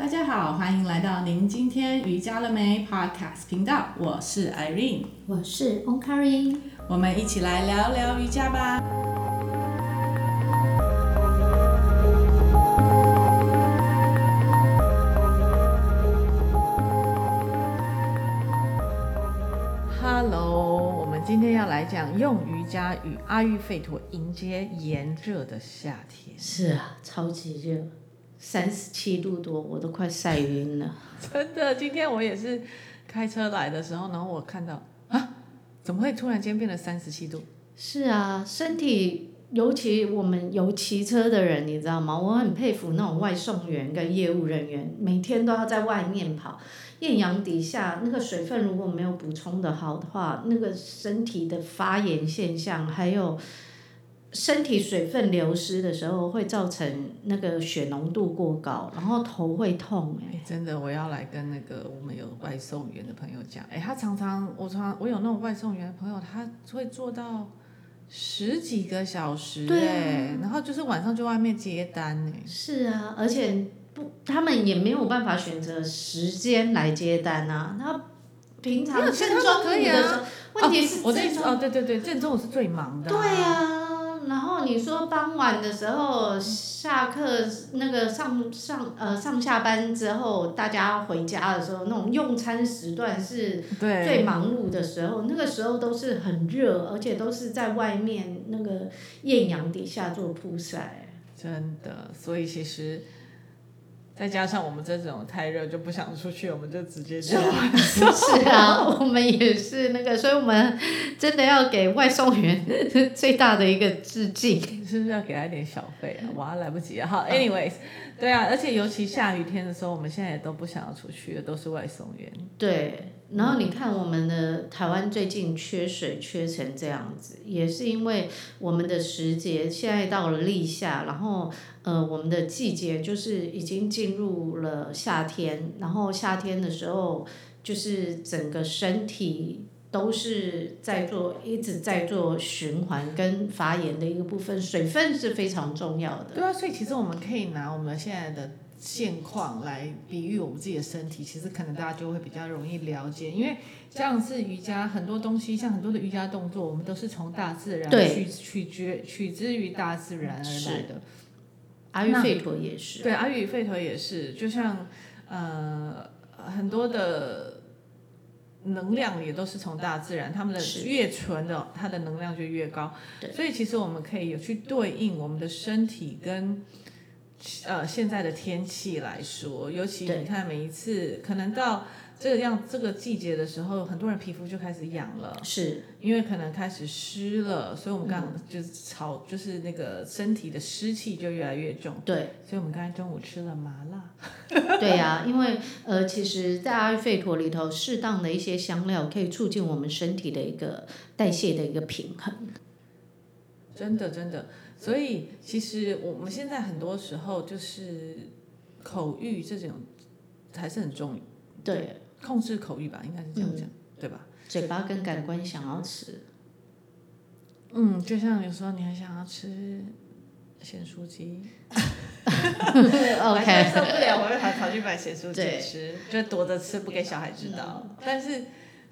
大家好，歡迎來到您今天瑜伽了沒 Podcast 頻道，我是 Irene，我是 OmKari，我們一起來聊聊瑜伽吧。Hello，我們今天要來講用瑜伽與阿育吠陀迎接炎熱的夏天。是啊，超級熱。三十七度多，我都快曬暈了。 真的，今天我也是開車來的時候，然後我看到啊，怎麼會突然間變了三十七度？是啊，身體，尤其我們有騎車的人，你知道嗎？我很佩服那種外送員跟業務人員，每天都要在外面跑，豔陽底下，那個水分如果沒有補充得好的話，那個身體的發炎現象還有。身體水分流失的時候，會造成那個血濃度過高，然後頭會痛哎、欸。真的，我要來跟那個我們有外送員的朋友講哎、欸，他常常我常我有那種外送員的朋友，他會做到十幾個小時哎、啊，然後就是晚上去外面接單。是啊，而且他們也沒有辦法選擇時間來接單啊。他平常正中午的時候可以啊。問題是、哦，我這哦對對對，正中午是最忙的、啊，對啊。然後你說傍晚的時候下課那個上上呃上下班之後大家回家的時候，那種用餐時段是最忙碌的時候，那個時候都是很熱，而且都是在外面那個艷陽底下做曝曬。真的，所以其實。再加上我們這種太熱就不想出去，我們就直接就啊，是啊， 是啊 我們也是那個，所以我們真的要給外送員最大的一個致敬，是不是要給他一點小費啊？哇，來不及了。好，uh, anyways，對啊，而且尤其下雨天的時候，我們現在也都不想要出去，都是外送員。對。然後你看，我們的台灣最近缺水缺成這樣子，也是因為我們的時節現在到了立夏，然後呃，我們的季節就是已經進入了夏天，然後夏天的時候就是整個身體都是在做一直在做循環跟發炎的一個部分，水分是非常重要的。對啊，所以其實我們可以拿我們現在的。現況來比喻我們自己的身體，其實可能大家就會比較容易了解，因為這樣子瑜伽很多東西，像很多的瑜伽動作，我們都是從大自然取取決取之於大自然而來的。阿育吠陀也是，對，阿育吠陀也是，就像呃很多的能量也都是從大自然，他們的越純的，它的能量就越高。所以其實我們可以有去對應我們的身體跟。呃，現在的天氣來說，尤其你看每一次，可能到這樣這個季節的時候，很多人皮膚就開始癢了，是因為可能開始濕了，所以我們剛，剛就是潮、嗯，就是那個身體的濕氣就越來越重。對，所以我們剛才中午吃了麻辣。對呀、啊， 因為呃，其實，在阿育吠陀裡頭，適當的一些香料可以促進我們身體的一個代謝的一個平衡。真的，真的。所以，其實我們現在很多時候就是口欲這種還是很重，對，控制口欲吧，應該是這樣講、嗯，對吧？嘴巴跟感官想要吃，嗯，就像你說，你很想要吃鹹酥雞 ，ok 受不了，我就跑跑去買鹹酥雞吃，就躲着吃，不給小孩知道。但是、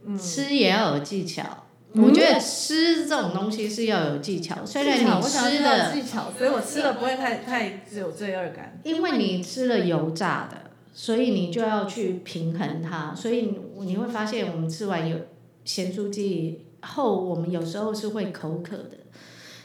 嗯，吃也要有技巧。我覺得吃這種東西是要有技巧，雖然你吃的技巧，所以我吃的不會太太有罪惡感。因為你吃了油炸的，所以你就要去平衡它，所以你會發現我們吃完有鹹酥雞後，我們有時候是會口渴的。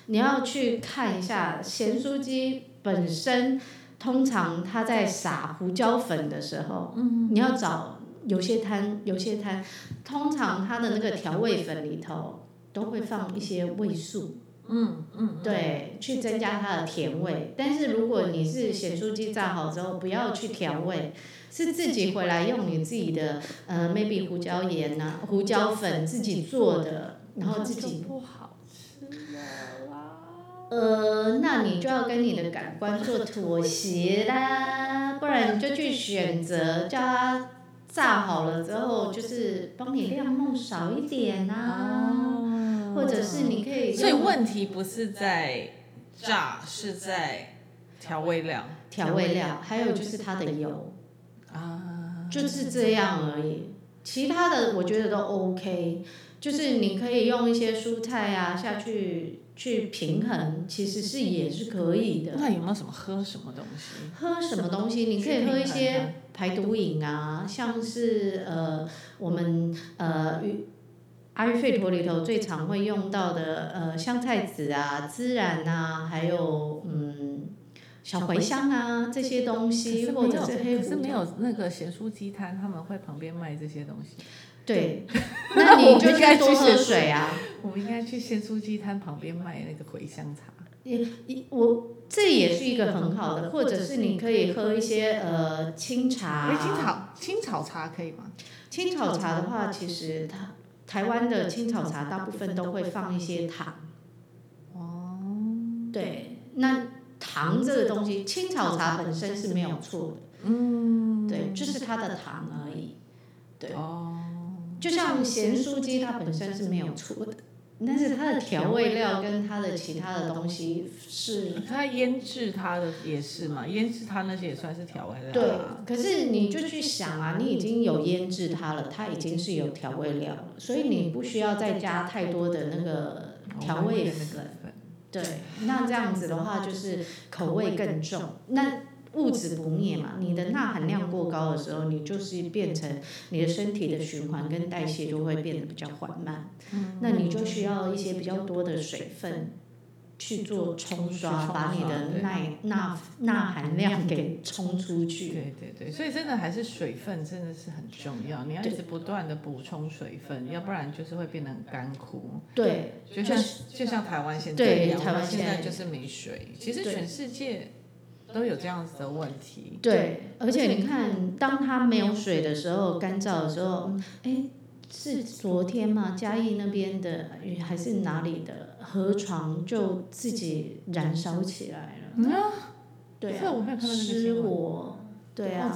你要去看一下鹹酥雞本身，通常它在撒胡椒粉的時候，嗯，你要找。有些攤有些攤，通常它的那個調味粉裡頭都會放一些味素，嗯嗯，對，去增加它的甜味。但是如果你是鹹酥雞炸好之後，不要去調味，是自己回來用你自己的，呃，maybe 胡椒鹽啊，胡椒粉自己做的，然後自己，自己不好吃的，呃，那你就要跟你的感官做妥協啦，不然你就去選擇叫他。炸好了之後，就是幫你量夢少一點啊，或者是你可以。所以問題不是在炸，是在調味料。調味料，還有就是它的油啊，就是這樣而已。其他的我覺得都 OK，就是你可以用一些蔬菜啊下去去平衡，其實是也是可以的。那有沒有什麼喝什麼東西？喝什麼東西？你可以喝一些。排毒飲啊，像是呃、嗯、我們呃阿育吠陀裡頭最常會用到的呃香菜籽啊、孜然啊，還有嗯小茴香啊這些東西，可是或者黑、啊、可是沒有那個鹹酥雞攤，他們會旁邊賣這些東西。對， 那你就應該多喝水啊， 我們應該去鹹酥雞攤旁邊賣那個茴香茶。也也我。這也是一個很好的，或者是你可以喝一些呃清茶。青草青草茶可以嗎？青草茶的話，其實它台灣的青草茶大部分都會放一些糖。哦。對，那糖這個東西，青草茶本身是沒有錯的。嗯。對，就是它的糖而已。對。哦。就像鹹酥雞，它本身是沒有錯的。但是它的調味料跟它的其他的東西是，它醃製它的也是嘛，醃製它那些也算是調味料。對，可是你就去想啊，你已經有醃製它了，它已經是有調味料了，所以你不需要再加太多的那個調味粉。對，那這樣子的話就是口味更重。那。物質不滅嘛，你的鈉含量過高的時候，你就是變成你的身體的循環跟代謝就會變得比較緩慢。嗯。那你就需要一些比較多的水分去做沖刷，刷，把你的耐鈉鈉含量給沖出去。對對對，所以真的還是水分真的是很重要，你要一直不斷的補充水分，要不然就是會變得很乾枯。對，就像就像台灣現在一樣，台灣現在就是沒水。其實全世界。都有這樣子的問題，對，對而且你看且、那個，當它沒有水的時候，乾燥的時候，哎、欸，是昨天嘛，嘉義那邊的還是哪裡的河床就自己燃燒起來了，來了嗯、啊對啊，失火、啊，對啊，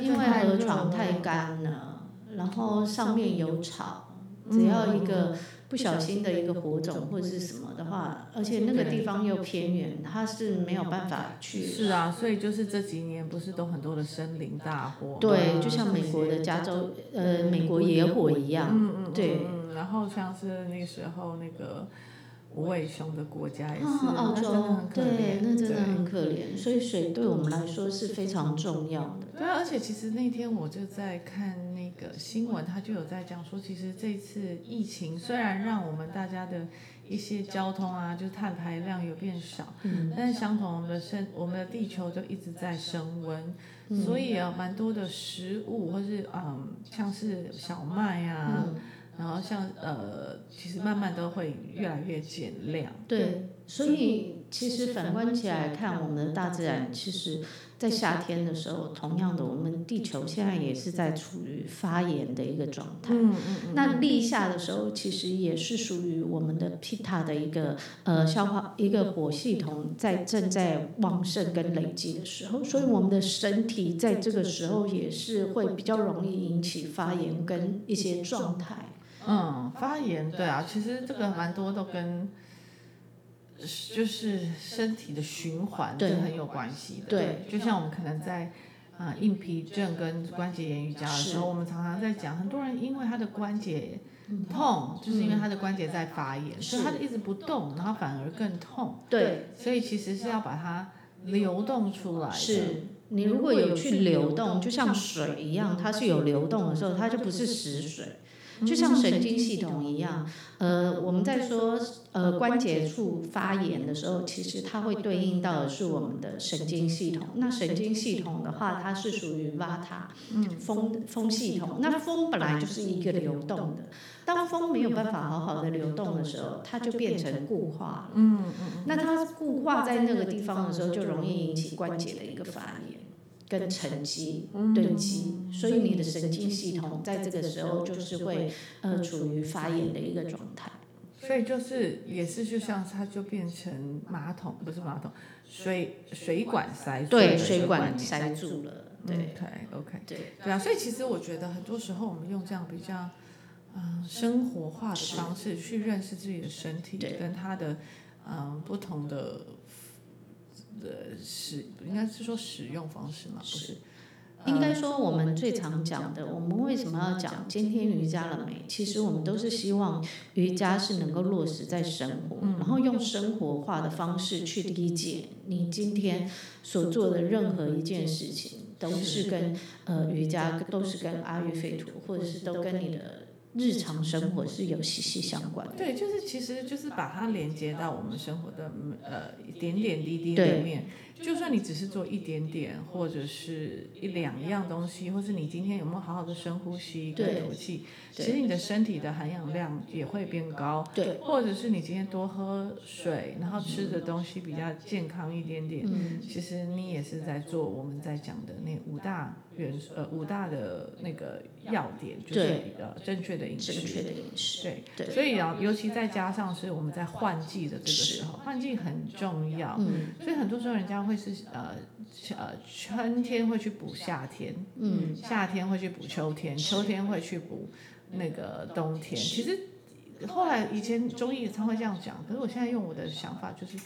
因為河床太乾了、嗯，然後上面有草，只要一個不小心的一個火種或者是什麼的話，而且那個地方又偏遠，它是沒有辦法去啊。是啊，所以就是這幾年不是都很多的森林大火？對，就像美國的加州，呃，美國野火一樣。嗯嗯，嗯。對。然後像是那個時候那個。不畏兇的國家也是，哦，澳洲那真的很可憐。對，那真的很可憐。所以水對我們來說是非常重要的。對啊，而且其實那天我就在看那個新聞，他就有在講說，其實這次疫情雖然讓我們大家的一些交通啊，就是碳排量有變少，嗯，但是相同我的我們的地球就一直在升溫，嗯，所以啊，蠻多的食物或是嗯，像是小麥啊。嗯然後像呃，其實慢慢都會越來越減量。對，所以其實反觀起來看，我們的大自然，其實，在夏天的時候，同樣的，我們地球現在也是在處於發炎的一個狀態。嗯嗯嗯。那立夏的時候，其實也是屬於我們的 Pitta 的一個呃消化一個火系統在正在旺盛跟累積的時候，所以我們的身體在這個時候也是會比較容易引起發炎跟一些狀態。嗯，發炎對啊，其實這個蠻多都跟，就是身體的循環是很有關係的對。對，就像我們可能在啊、呃、硬皮症跟關節炎瑜伽的時候，我們常常在講，很多人因為他的關節痛、嗯，就是因為他的關節在發炎，所以他一直不動，然後反而更痛。對，所以其實是要把它流動出來的。是，你如果有去流動，就像水一樣，它是有流動的時候，它就不是死水。就像神經系統一樣，呃，我們在說呃關節處發炎的時候，其實它會對應到的是我們的神經系統。那神經系統的話，它是屬於瓦塔，風風系統。那風本來就是一個流動的，當風沒有辦法好好的流動的時候，它就變成固化了。嗯嗯。那它固化在那個地方的時候，就容易引起關節的一個發炎。跟沉積、堆積、嗯、積，所以你的神經系統在這個時候就是會呃處於發炎的一個狀態。所以就是也是就像是它就變成馬桶，不是馬桶，水水管塞住，水管塞住了。對，OK，對，okay, okay. 對啊。所以其實我覺得很多時候我們用這樣比較嗯、呃、生活化的方式去認識自己的身體跟它的嗯、呃、不同的。呃，是應該是說使用方式嗎？不是，是應該說我們最常講的、呃，我們為什麼要講今天瑜伽了沒？其實我們都是希望瑜伽是能夠落實在生活、嗯，然後用生活化的方式去理解你今天所做的任何一件事情都、呃，都是跟呃瑜伽，都是跟阿育吠陀，或者是都跟你的，日常生活是有息息相關的，對，就是其實就是把它連接到我們生活的呃點點滴滴裡面。就算你只是做一點點，或者是一兩樣東西，或是你今天有沒有好好的深呼吸、跟吐氣，其實你的身體的含氧量也會變高。對，或者是你今天多喝水，然後吃的東西比較健康一點點，嗯、其實你也是在做我們在講的那五大元，呃五大的那個要點，就是比較正確的飲食。正確的飲食，對。所以啊，尤其再加上是我們在換季的這個時候，換季很重要。嗯。所以很多時候人家會。會是呃呃春天會去補夏天，嗯夏天會去補秋天，秋天會去補那個冬天。其實後來以前中醫也常會這樣講，可是我現在用我的想法就是，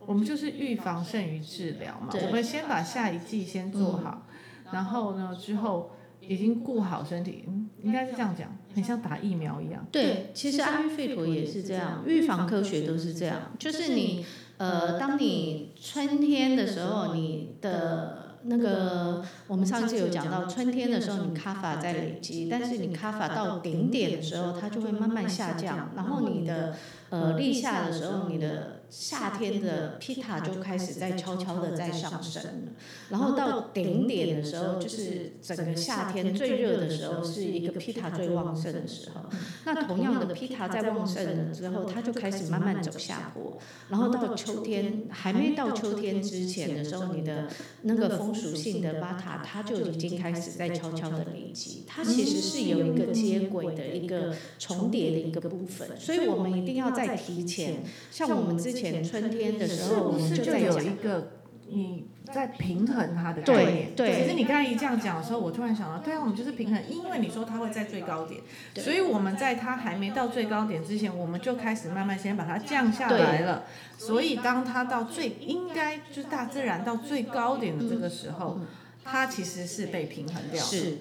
我們就是預防勝於治療嘛，我們先把下一季先做好，嗯、然後呢之後已經顧好身體、嗯，應該是這樣講，很像打疫苗一樣。對，其實阿育吠陀也是這樣，預防科學都是這樣，就是你。呃，當你春天的時候，你的那個我們上次有講到，春天的時候你卡法在累積，但是你卡法到頂點的時候，它就會慢慢下降。然後你的呃立夏的時候，你的。夏天的皮塔就開始在悄悄的在上升了，然後到頂點的時候，就是整個夏天最熱的時候，是一個皮塔最旺盛的時候。那同樣的皮塔在旺盛了之後，它就開始慢慢走下坡，然後到秋天還沒到秋天之前的時候，你的那個風屬性的巴塔，它就已經開始在悄悄的累積，它其實是有一個接軌的一個重疊的一個部分，所以我們一定要再提前，像我們之前春天的時候我們就在講，是不是就有一個你在平衡它的概念。對對。其實你剛才一這樣講的時候，我突然想到，對啊，我們就是平衡，因為你說它會在最高點，所以我們在它還沒到最高點之前，我們就開始慢慢先把它降下來了。所以，當它到最應該就是大自然到最高點的這個時候，嗯嗯，它其實是被平衡掉。是。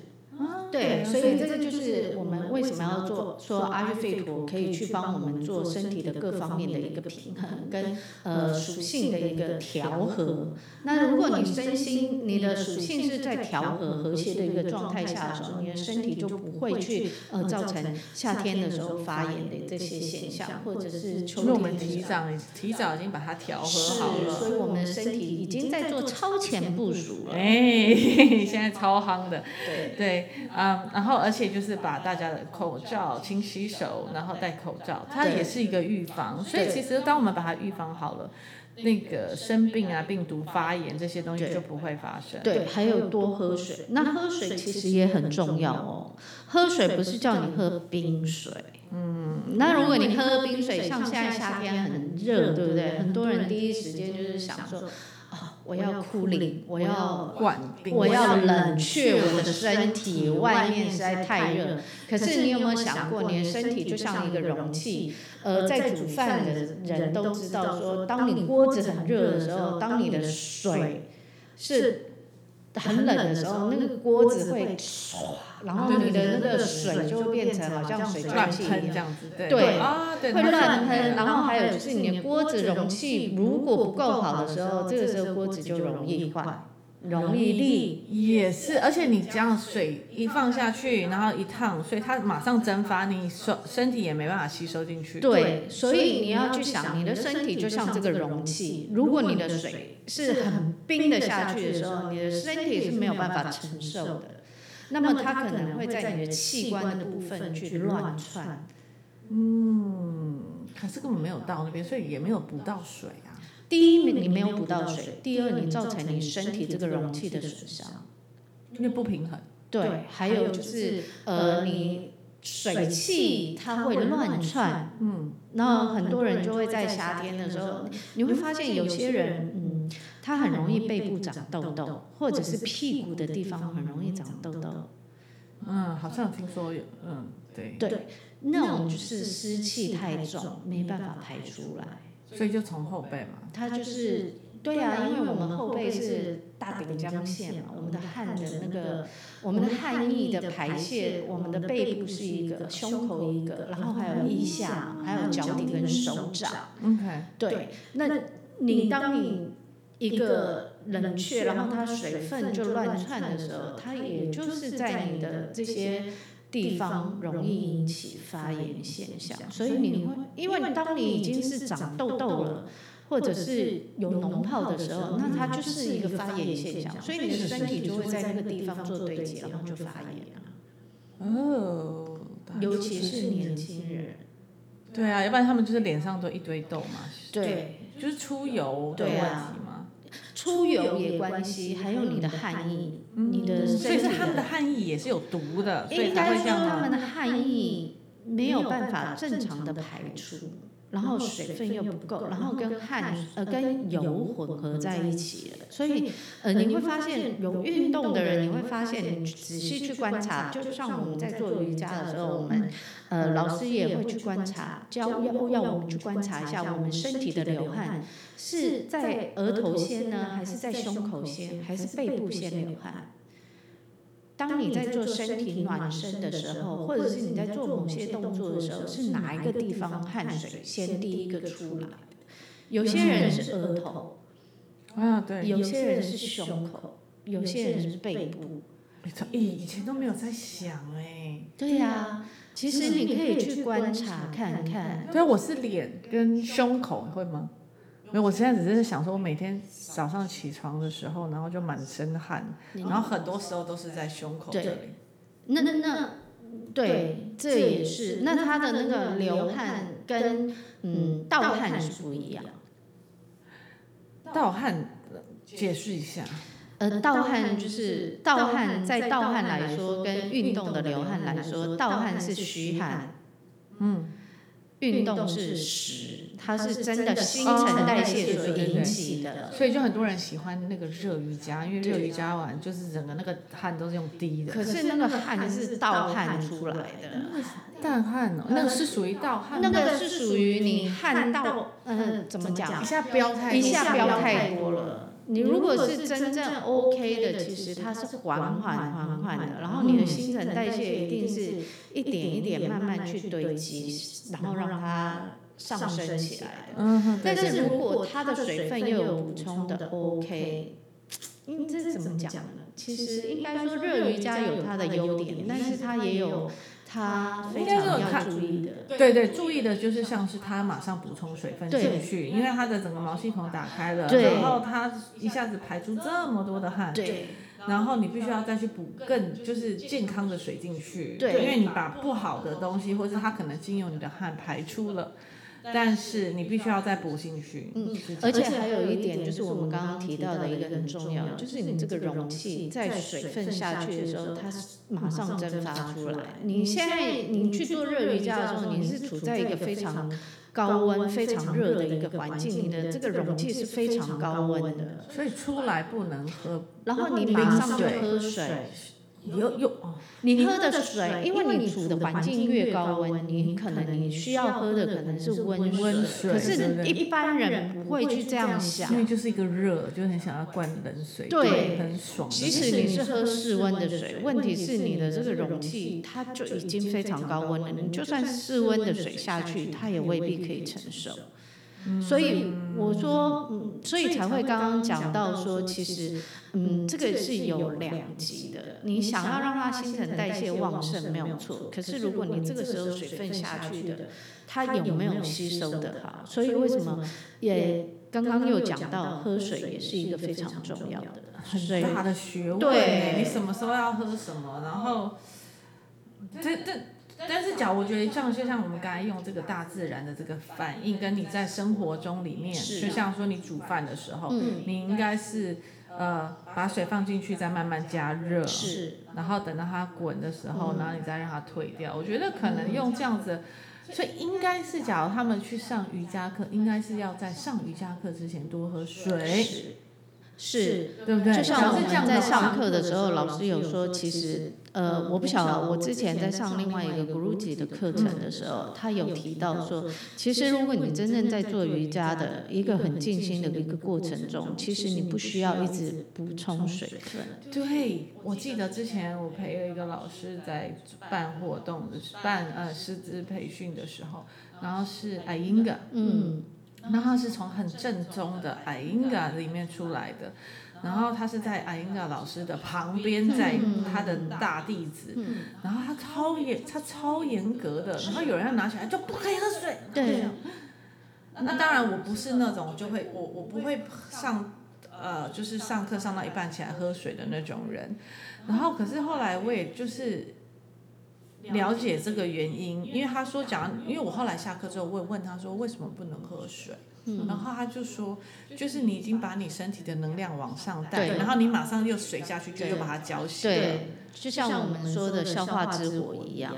對，所以這個就是我們為什麼要做說阿育吠陀可以去幫我們做身體的各方面的一個平衡跟呃屬性的一個調和。那如果你身心你的屬性是在調和和諧的一個狀態下的時候，你的身體就不會去呃造成夏天的時候發炎的這些現象，或者是秋天。因為我們提早提早已經把它調和好了，所以我們的身體已經在做超前部署了。哎，現在超夯的，對對。嗯，然後而且就是把大家的口罩、勤洗手，然後戴口罩，它也是一個預防。對。所以其實當我們把它預防好了，那個生病啊、病毒發炎這些東西就不會發生。對，對，還有多喝水，那喝水其實也很重要哦。喝水不是叫你喝冰水。嗯。那如果你喝冰水，像現在夏天很熱，對不對？很多人第一時間就是想說我要 c o 我要灌，我要冷卻我的身體，外面實在太熱。可是你有沒有想過，你的身體就像一個容器。呃，在煮飯的人都知道說，當你鍋子很熱的時候，當你的水是。很冷，很冷的時候，那個鍋子會，子會唰，然後你的那個水就變成好像水蒸氣這樣子，對，對啊、對，會亂噴。然後還有就是你的鍋子容器如果不夠好，好的時候，這個時候鍋子就容易壞。容易力，也是，而且你這樣水一放下去，然後一燙，所以它馬上蒸發，你身身體也沒辦法吸收進去。對，所以你要去想，你的身體就像這個容器，如果你的水是很冰的下去的時候，你的身體是沒有辦法承受的。那麼它可能會在你的器官的部分去亂竄。嗯，可是根本沒有到那邊，所以也沒有補到水啊。第一，你沒有補到水；第二，你造成你身體這個容器的損傷，因為不平衡。對，還有就是，呃，你水氣它會亂竄，嗯，那很多人就會在夏天的時候，你會發現有些人，嗯，他很容易背部長痘痘，或者是屁股的地方很容易長痘痘。嗯，好像聽說有，嗯，對對，那種就是濕氣太重，沒辦法排出來。所以就從後背嘛。它就是對啊，因為我們後背是大頂漿腺嘛，我們的汗的那個，我們的汗液的排泄，我們的背部是一個，胸口一個，然後還有腋下，還有腳底跟手掌。Okay. 對。那你當你一個冷卻，然後它水分就亂竄的時候，它也就是在你的這些。地方容易引起發炎現象，嗯、所以你，所以你會因為當你已經是長痘痘了，或者是有膿泡的時候、嗯，那它就是一個發炎現象，所以你的身體就會在那個地方做堆積，然後就發炎了、啊。哦，尤其是年輕人，對啊，要不然他們就是臉上都一堆痘嘛對，對，就是出油的問題嘛。對啊。出油也，也關係，還有你的汗液，嗯，你的，所以是他們的汗液也是有毒的，應該說他們的汗液沒有辦法正常的排出。然後水分又不夠，然後跟汗呃跟油混合在一起。所以呃你會發現有運動的人，你會發現仔細去,去觀察，就像我們在做瑜伽的時候，我、嗯、們呃老師也會去觀察，教,教要要我們去觀察一下我們身體的流汗是在額頭先呢，還是在胸口先，還是背部先流汗？當你在做身體暖身的時候，或者是你在做某些動作的時候，是哪一個地方汗水先第一個出來？有些人是額頭，啊對，有些人是胸口，有些人是背部，沒錯。以前都沒有在想哎，對呀、啊。其實你可以去觀察看看。對，我是臉跟胸口，會嗎？沒有，我現在只是想說，我每天早上起床的時候，然後就滿身汗，然後很多時候都是在胸口這裡。對，那那那，對，這也是。那他的那個流汗跟嗯，盜汗是不一樣。盜汗，解釋一下。呃，盜汗就是盜汗，在盜汗來說，跟運動的流汗來說，盜汗是虛汗。嗯。運動是時，它是真的新陳代謝所引起的、哦對對對，所以就很多人喜歡那個熱瑜伽，因為熱瑜伽完就是整個那個汗都是用滴的、啊。可是那個汗是盜汗出來的，盜汗哦，那個是屬於盜汗，那個是屬於你汗到嗯、呃，怎麼講？一下飆，一下飆太多了。你如, OK、你如果是真正 OK 的，其實它是緩緩緩緩的，然後你的新陳代謝一定是一點一點慢慢去堆積，嗯、然後讓它上升起來的。嗯哼。但是如果它的水分又有補充的 OK，、嗯、這是怎麼講呢？其實應該說熱瑜伽有它的優點，但是它也有。他應該是要注意的，對對，注意的就是像是他馬上補充水分進去，因為他的整個毛細孔打開了，然後他一下子排出這麼多的汗，對，然後你必須要再去補更就是健康的水進去，對，因為你把不好的東西或是他可能經由你的汗排出了，但是你必須要再補進去。嗯，而且還有一點就是我們剛剛提到的一個很重要，就是你這個容器在水分下去的時候，它馬上蒸發出來。嗯，剛剛就是你，出來嗯、你現在你去做熱瑜伽的時候，嗯，你是處在一個非常高溫、非常熱的一個環境，你的這個容器是非常高溫的，所以出來不能喝。然後你馬上就喝水。水有有哦，你喝的水，因為你處的環境越高溫，你可能你需要喝的可能是溫水，可是一般人不會去這樣想，因為就是一個熱，就很想要灌冷水，對，很爽。即使你是喝室溫的水，問題是你的這個容器它就已經非常高溫了，你就算室溫的水下去，它也未必可以承受。所以我說，嗯、所以才會剛剛講到說其實，嗯、剛剛講到說其實，嗯，這個是有兩極的、嗯。你想要讓他新陳代謝旺盛，沒有錯。可是如果你這個時候水分下去的，它有沒有吸收的？哈，所以為什麼也剛剛又講到喝水也是一個非常重要的，很重要的學問、欸、對，你什麼時候要喝什麼，然後這這。但是假如我覺得像就像我們剛才用這個大自然的這個反應，跟你在生活中裡面，就像說你煮飯的時候，你應該是呃把水放進去，再慢慢加熱，是，然後等到它滾的時候，然後你再讓它退掉。我覺得可能用這樣子，所以應該是假如他們去上瑜伽課，應該是要在上瑜伽課之前多喝水。是，就像我們在上課的時候，老師有說，其實，呃，我不曉得，我之前在上另外一個 Guruji 的課程的時候，他有提到說，其實如果你真正在做瑜伽的一個很靜心的一個過程中，其實你不需要一直補充水。對，我記得之前我陪了一個老師在辦活動的時候，辦呃師資培訓的時候，然後是艾因格，嗯。然後他是從很正宗的艾因格裡面出來的，然後他是在艾因格老師的旁邊，在他的大弟子，嗯，然後他超嚴，他超嚴格的，然後有人要拿起來就不可以喝水。對。對。那當然我不是那種就會，我我不會上呃，就是上課上到一半起來喝水的那種人。然後可是後來我也就是。了解這個原因，因為他說，講，因為我後來下課之後，我也問他說，為什麼不能喝水？嗯，然後他就說，就是你已經把你身體的能量往上帶，對，然後你馬上又水下去，就又把它澆熄。對，就像我們說的消化之火一樣，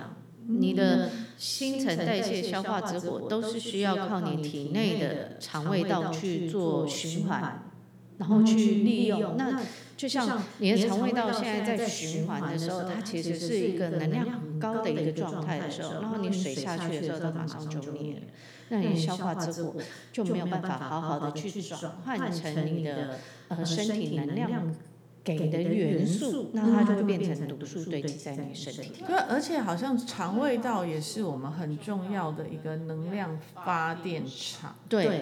嗯，你的新陳代謝、消化之火都是需要靠你體內的腸胃道去做循環，嗯，然後去利用那。就像你的腸胃道現在在循環的時候，它其實是一個能量很高的一個狀態的時候，然後你水下去的時候，的在在的時候，它馬上就滅了。那你消化之後就沒有辦法好好的去轉換成你的呃身體能量給的元素，嗯、那它就會變成毒素堆積在你身體。對、嗯，而且好像腸胃道也是我們很重要的一個能量發電廠。對。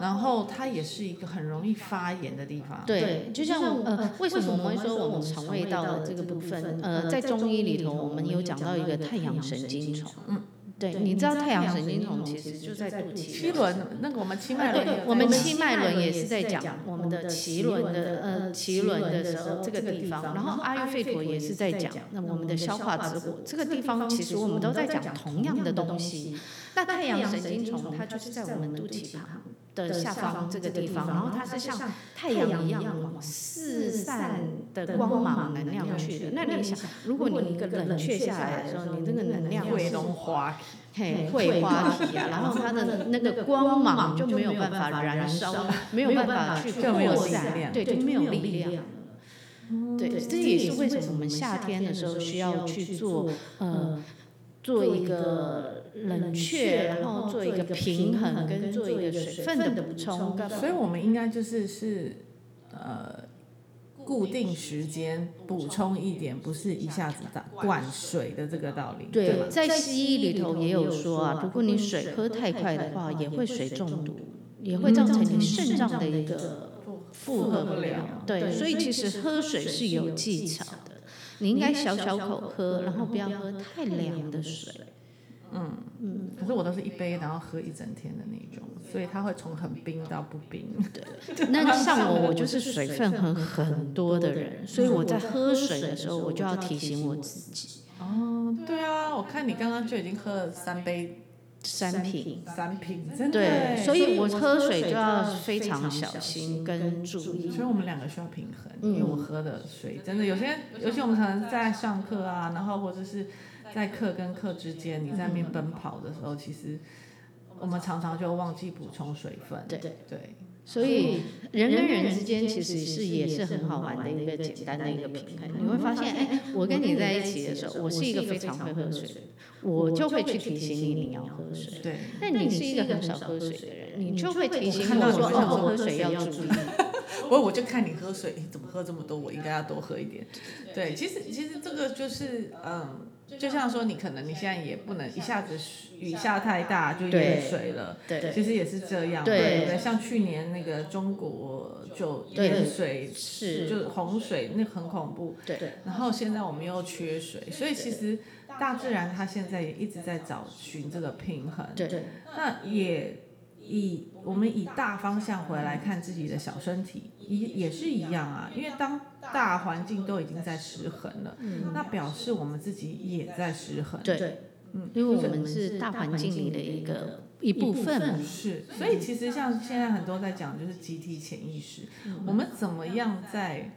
然後它也是一個很容易發炎的地方。對，就像呃，為什麼我們會說我們腸胃道的這個部分？呃，在中醫裡頭，我們有講到一個太陽神經叢。嗯，對，你知道太陽神經叢其實就在肚臍輪，那個我們七脈輪，我們七脈輪也是在講我們的臍輪的呃臍輪的時候這個地方。然後阿育吠陀也是在講，那我們的消化之火，這個地方其實我們都在講同樣的東西。那太陽神經叢就它就是在我們肚臍旁。的下，的下方這個地方，然後它是像太陽一樣、啊、陽一樣四散的光芒能量去的，量去的那。那你想，如果你一個冷卻下來的時候，你這個能量會融化，嘿，會化啊，啊，然後它的 那，那個光芒就沒有辦法燃燒， 沒有辦法去擴散，對，就沒有力量了。嗯、對，對，這也是為什麼我們夏天的時候需要去做、嗯、呃，做一個。冷卻，然後做一個平衡，跟做一個水分的補充。補充，所以我們應該就是是呃固定時間補充一點，不是一下子灌水的這個道理。對，對，在西醫裡頭也有說啊，如果你水喝太快的話，也會水中毒，嗯、也會造成你腎臟的一個負荷不良。對，所以其實喝水是有技巧的，你應該小小口喝，然後不要喝太涼的水。嗯，可是我都是一杯，然後喝一整天的那種，所以它會從很冰到不冰。對，那像我，我就是水分很很多的人，所以我在喝水的時候，我就要提醒我自己。哦，對啊，我看你剛剛就已經喝了三杯，三瓶，三瓶，三瓶真的對，所以我喝水就要非常小心跟注意。所以我們兩個需要平衡，因為我喝的水真的有些，尤其我們常常在上課啊，然後或者是。在課跟課之間，你在那邊奔跑的時候，其實我們常常就忘記補充水分、嗯。對、嗯、對對，所以人跟人之間其實是也是很好玩的一個簡單的一個平衡、嗯。你會發現，哎，我跟你在一起的時候，我是一個非常會喝水的人，我就會去提醒你，你要喝水。對，但你是一個很少喝水的人，你就會提醒我，我看到你說、哦、我喝水要注意。不 我就看你喝水，你怎麼喝這麼多？我應該要多喝一點。對，其實其實這個就是嗯。就像說，你可能你現在也不能一下子雨下太大就淹水了，對對，其實也是這樣，對，對對。像去年那個中國就淹水是，就是洪、洪水，那很恐怖對對，然後現在我們又缺水，所以其實大自然它現在也一直在找尋這個平衡，對，對。那也。嗯以我們以大方向回來看自己的小身體，也也是一樣啊。因為當大環境都已經在失衡了，嗯、那表示我們自己也在失衡。對，嗯，因為我們是大環境裡的一個一部分。是，所以其實像現在很多在講就是集體潛意識，我們怎麼樣在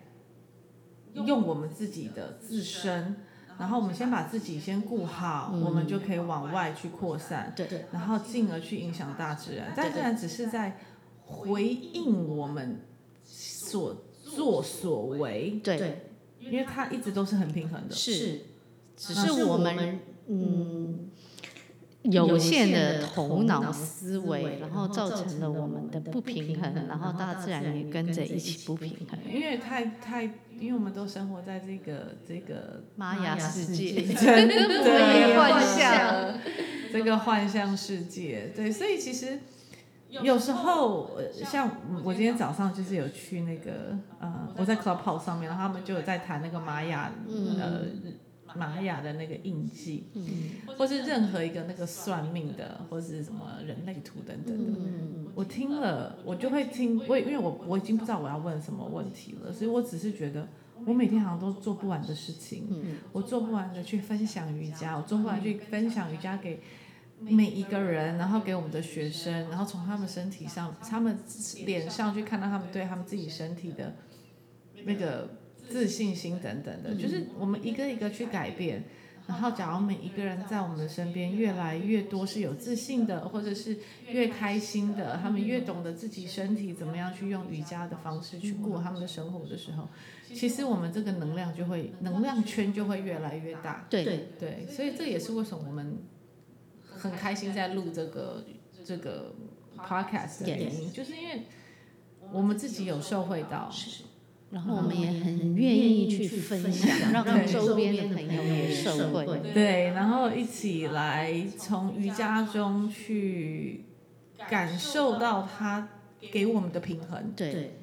用我們自己的自身。然後我們先把自己先顧好，嗯，我們就可以往外去擴散，對，然後進而去影響大自然。大自然只是在回應我們所作所為，對，因為它一直都是很平衡的，是，是，只是我們，嗯。有限的頭腦思維，腦思維然，然後造成了我們的不平衡，然後大自然也跟着一起不平衡。因為太太，因為我們都生活在這個這個瑪雅世界，的，對對，幻象，這個幻象世界，對，所以其實有時候像我今天早上就是有去那個呃，我在，在 c l u b h o l e 上面，然後他們就有在談那個瑪雅，嗯、呃。瑪雅的那個印記，嗯，或是任何一個那個算命的，或是什麼人類圖等等的，嗯嗯，我聽了，我就會聽，我因為我我已經不知道我要問什麼問題了，所以我只是覺得我每天好像都做不完的事情，嗯，我做不完的去分享瑜伽，我做不完去分享瑜伽給每一個人，然後給我們的學生，然後從他們身體上、他們臉上去看到他們對他們自己身體的那個。自信心等等的，就是我們一個一個去改變。然後，假如每一個人在我們的身邊越來越多是有自信的，或者是越開心的，他們越懂得自己身體怎麼樣去用瑜伽的方式去過他們的生活的時候，其實我們這個能量就會能量圈就會越來越大。對對，所以這也是為什麼我們很開心在錄這個這個 podcast 的原因，就是因為我們自己有受惠到。然後我們也很願意去分、嗯、去分享，讓周邊的朋友也受惠 對，對，然後一起來從瑜伽中去感受到它給我們的平衡，對，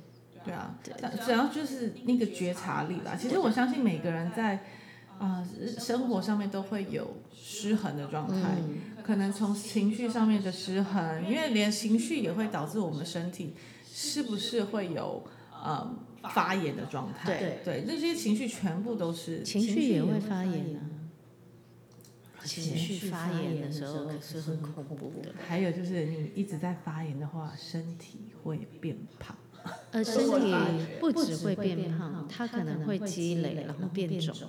對啊，只要就是那個覺察力啦。其實我相信每個人在啊、呃、生活上面都會有失衡的狀態、嗯，可能從情緒上面的失衡，因為連情緒也會導致我們身體是不是會有啊。呃發炎的狀態，對，那這些情緒全部都是情緒也會發炎啊。情緒發炎的時候可是很恐怖的。還有就是你一直在發炎的話，身體會變胖。而身體不只會變胖，它可能會積累然後變腫瘤。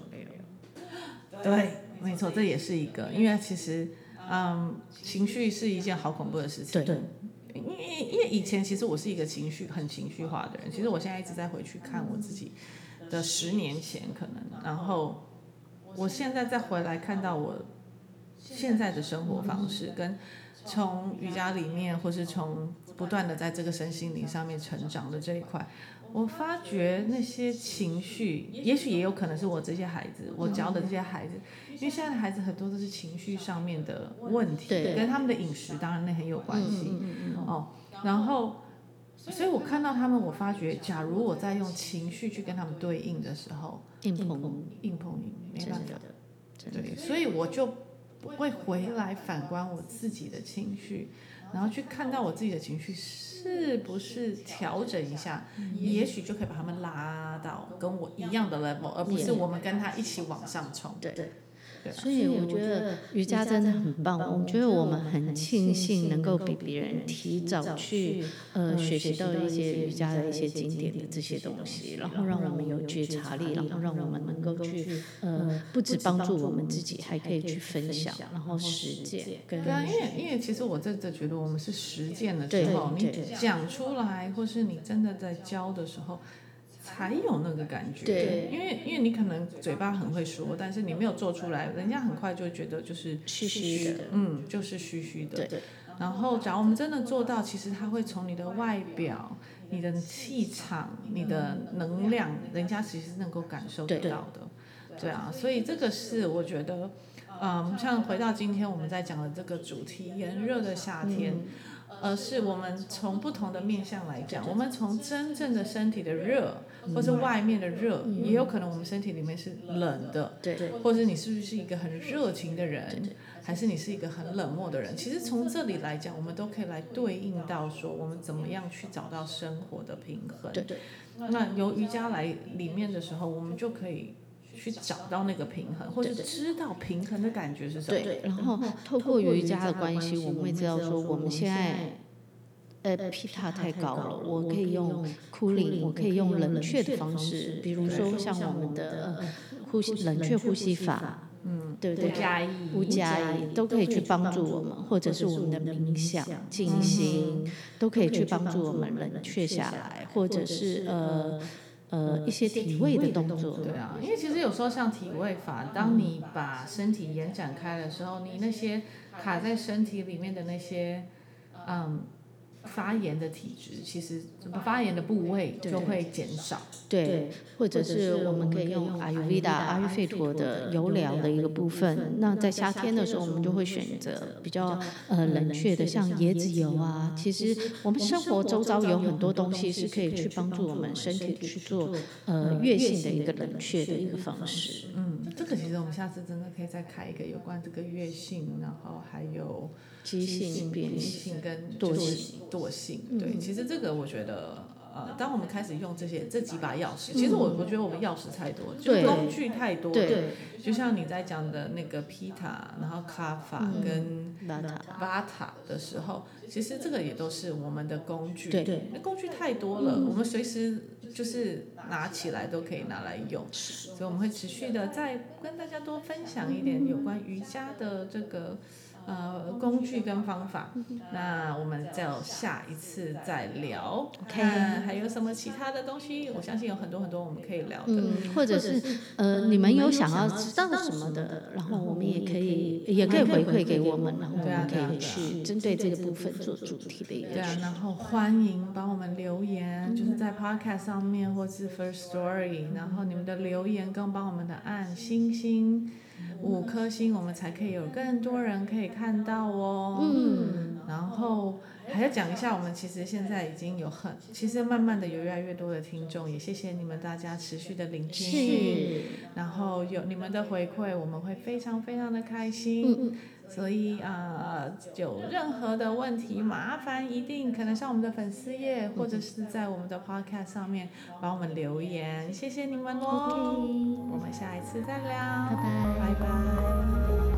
對，沒錯，這也是一個，因為其實，嗯，情緒是一件好恐怖的事情。對。因為因為以前其實我是一個情緒很情緒化的人，其實我現在一直在回去看我自己的十年前可能，然後我現在再回來看到我現在的生活方式，跟從瑜伽裡面，或是從不斷的在這個身心靈上面成長的這一塊。我發覺那些情緒，也許也有可能是我這些孩子，嗯、我教的這些孩子，嗯，因為現在的孩子很多都是情緒上面的問題，跟他們的飲食當然那很有關係，嗯嗯嗯嗯、哦。然後，所以我看到他們，我發覺，假如我在用情緒去跟他們對應的時候，硬碰硬碰硬，沒辦法，對，對，所以我就會回來反觀我自己的情緒。然後去看到我自己的情緒是不是調整一下，嗯，也許就可以把他們拉到跟我一樣的 level，嗯，而不是我們跟他一起往上衝。對對。所以我覺得瑜伽真的很棒。我覺得我們很慶幸能夠比別人提早去呃學習到一些瑜伽的一些經典的這些東西，然後讓我們有覺察力，然後讓我們能夠去呃不止幫助我們自己，還可以去分享，然後實踐。對啊，因為因為其實我真的覺得我們是實踐的，對，你講出來或是你真的在教的時候，才有那個感覺，對，因為因為你可能嘴巴，很會說，但是你沒有做出來，人家很快就覺得就是虛虛的，嗯，就是虛虛的。對，對，對，然後假如我們真的做到，其實他會從你的外表、你的氣場、你的能量，人家其實是能夠感受得到的，對對對。對啊，所以這個是我覺得，嗯、呃，像回到今天我們在講的這個主題，炎熱的夏天。嗯而是我們從不同的面向來講，對對對，我們從真正的身體的熱，對對對，或是外面的熱、嗯，也有可能我們身體裡面是冷的，對、嗯，或者是你是不是一個很熱情的人？對對對，還是你是一個很冷漠的人？其實從這裡來講，我們都可以來對應到說，我們怎麼樣去找到生活的平衡。對對，那由瑜伽來裡面的時候，我們就可以。去找到那個平衡，或者知道平衡的感覺是什麼。對，對，對，對，然後透過瑜伽的關係，嗯、我們會知道說，我們現在呃 Pitta 太高了，我可以用 Cooling，我可以用冷卻的方式，方式比如說像我們的呼吸、呃、冷卻呼吸法，嗯，對不對，烏加依都可以去幫助我們，或者是我們的冥想、進行，嗯、都可以去幫助我們冷卻下來，或者是呃。呃，一些體位，體位的動作，對啊，因為其實有時候像體位法，當你把身體延展開的時候，你那些卡在身體裡面的那些，嗯。發炎的體質，其實發炎的部位就會減少。對，對，對，對，對，或者是我們可以用 Ayurveda、阿育吠陀的油療的一個部分。那在夏天的時候，我們就會選擇比較呃冷卻的，像椰子油啊。其實我們生活周遭有很多東西是可以去幫助我們身體去做，去做呃熱性的一個冷卻的一個方式。嗯，這個其實我們下次真的可以再開一個有關這個熱性，然後還有。變性、變性跟惰性、惰性,性,性,性,性,性,性，對、嗯，其實這個我覺得，呃，當我們開始用這些這幾把鑰匙，其實我我覺得我們鑰匙太多，嗯、就是、工具太多，對，就像你在講的那個 Pita，然後 Kafa、嗯、跟 Vata 的時候，其實這個也都是我們的工具，對，對工具太多了、嗯，我們隨時就是拿起來都可以拿來用，所以我們會持續的再跟大家多分享一點有關瑜伽的這個。呃，工具跟方法，嗯、那我們再下一次再聊。看、嗯、還有什麼其他的東西？我相信有很多很多我們可以聊的。嗯、或者是呃、嗯，你們有想要知道什麼的，然後我們也可以也可以，也可以回饋給我們，對啊，我們可以去針對這個部分做主題的一個對、啊。對啊，然後歡迎幫我們留言，嗯、就是在 Podcast 上面、嗯、或是 Firstory，然後你們的留言跟幫我們的按星星。五顆星，我們才可以有更多人可以看到哦。嗯，然後還要講一下，我們其實現在已經有很，其實慢慢的有越來越多的聽眾，也謝謝你們大家持續的聆聽。是，然後有你們的回饋，我們會非常非常的開心。嗯。所以啊、呃，有任何的問題，麻煩一定可能，上我們的粉絲頁或者是在我們的 Podcast 上面幫我們留言，謝謝你們哦，Okay. 我們下一次再聊，拜拜，拜拜。